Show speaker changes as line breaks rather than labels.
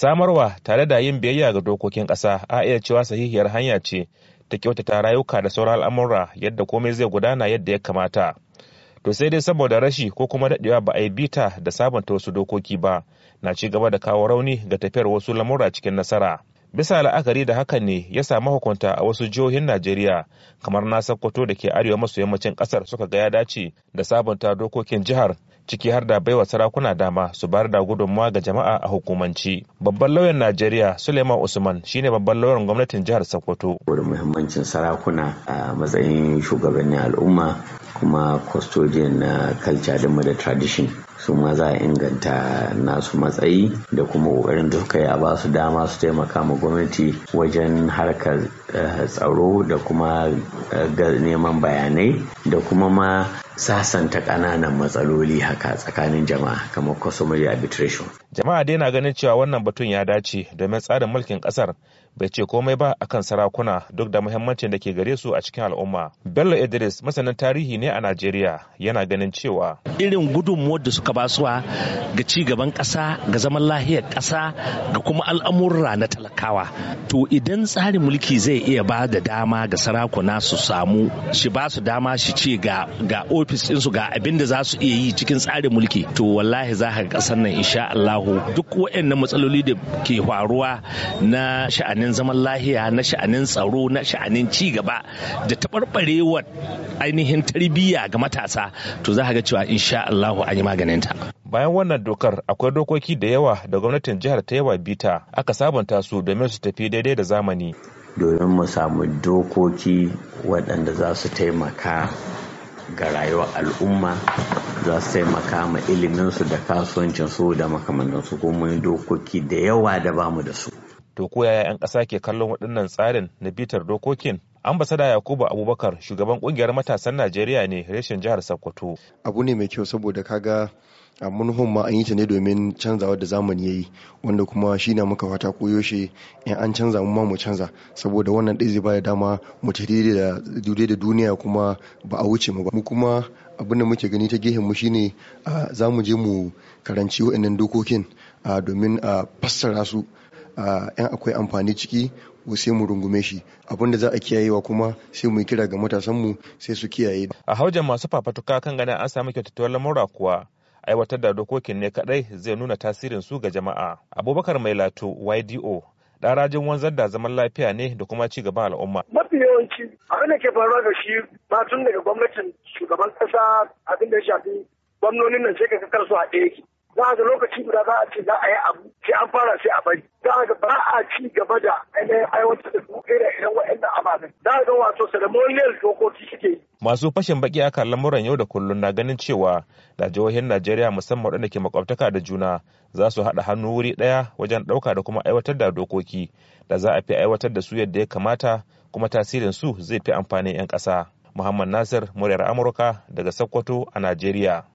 samarwa tare da yin biyayya ga dokokin ƙasa a iya cewa sahihiyar hanya ce ta kyautata rayuka da sauran al'amura yadda komai zai gudana yadda ya kamata to sai dai saboda rashi ko kuma daɗewa ba a yi bita da sabunta wasu dokoki ba na ci gaba da kawo rauni ga tafiyar wasu lamura cikin nasara bisa la'akari da hakan ne ya samu hukunta a wasu jihohin najeriya kamar na sokoto da ke arewa maso yammacin kasar suka ga ya dace da sabunta dokokin jihar ciki har da baiwa sarakuna dama su bayar da gudunmawa ga jama'a a hukumanci babban lauyan najeriya suleiman usman shine babban lauyan gwamnatin jihar sokoto
Wurin muhimmancin sarakuna a matsayin shugabannin al'umma kuma custodian na culture da da tradition su ma za a inganta nasu matsayi da kuma ƙoƙarin da suka yi a ba su dama su taimaka ma gwamnati wajen harkar Eh, tsaro da kuma eh, neman bayanai da kuma ma sasanta kananan matsaloli haka tsakanin jama'a kamar customary arbitration.
Jama'a dai na ganin cewa wannan batun ya dace domin tsarin mulkin kasar bai ce komai ba akan sarakuna duk da muhimmancin da ke gare su a cikin al'umma. Bello Idris masanin tarihi ne a Najeriya yana ganin cewa irin gudunmuwar da suka basuwa ga ci gaban ƙasa ga zaman lahiyar ƙasa ga kuma al'amurra na talakawa. To idan tsarin mulki zai zai iya ba da dama ga sarakuna su samu shi ba su dama shi ce ga ofis ɗinsu ga abin da za su iya yi cikin tsarin mulki to wallahi za ka kasar nan insha Allahu duk waɗannan matsaloli da ke faruwa na sha'anin zaman lahiya na sha'anin tsaro na sha'anin ci gaba da taɓarɓarewar ainihin tarbiyya ga matasa to za ka ga cewa insha Allahu an yi maganin ta. Bayan wannan dokar akwai dokoki da yawa da gwamnatin jihar ta yawa bita aka sabunta su domin su tafi daidai da zamani.
domin mu samu dokoki waɗanda za su taimaka ga rayuwar al'umma za su taimaka ma iliminsu da kasuwancinsu da makamantansu ko dokoki da yawa da bamu da su.
To koya 'yan ƙasa ke kallon waɗannan tsarin na bitar dokokin? ambasada yakubu abubakar shugaban kungiyar matasan najeriya ne reshen jihar sokoto
abu ne mai kyau saboda kaga a munhun ma an yi ta ne domin canzawa da zamani ya yi wanda kuma shi na muka fata shi in an canza mu ma mu canza saboda wannan ɗai zai bada dama mu ta daidai da duniya kuma ba a wuce mu ba mu kuma abin da muke gani ta gehen mu shine za mu je mu karanci waɗannan dokokin domin a fassara su in akwai amfani ciki sai mu rungume shi abin da za a kiyayewa kuma sai mu kira ga matasanmu sai su kiyaye.
A haujan masu fafatuka kan ganin an samu kyautattuwar lamura kuwa aiwatar da dokokin ne kadai zai nuna tasirin su ga jama'a. Abubakar Mai Lato YDO ɗarajin wanzar da zaman lafiya ne da kuma ci gaban al'umma.
Mafi yawanci abin da ke faruwa da shi ba tun daga gwamnatin shugaban ƙasa abin da ya shafi gwamnonin nan sai ka kakar su a ɗaya za ga lokaci guda za a ce za a yi abu sai an fara sai a bari za ga ba a ci gaba da ainihin aiwatar da su irin irin waɗannan ababen za ga wato ceremonial dokoki suke yi.
masu fashin baki akan lamuran yau da kullum na ganin cewa da jihohin najeriya musamman waɗanda ke makwabtaka da juna za su haɗa hannu wuri ɗaya wajen ɗauka da kuma aiwatar da dokoki da za a fi aiwatar da su yadda ya kamata kuma tasirin su zai fi amfanin 'yan ƙasa. Muhammad Nasir, muryar Amurka daga Sokoto a Najeriya.